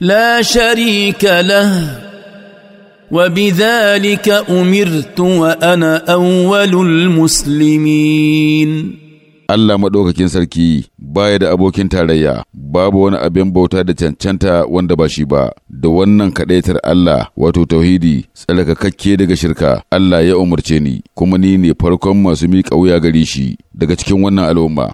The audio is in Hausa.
لا شريك له وبذلك امرت وانا اول المسلمين Allah maɗaukakin sarki baya da abokin tarayya babu wani abin bauta da cancanta wanda ba shi ba da wannan kaɗaitar Allah wato tauhidi tsarkakakke daga shirka Allah ya umarce ni kuma ni ne farkon masu miƙa wuya gare shi daga cikin wannan al'umma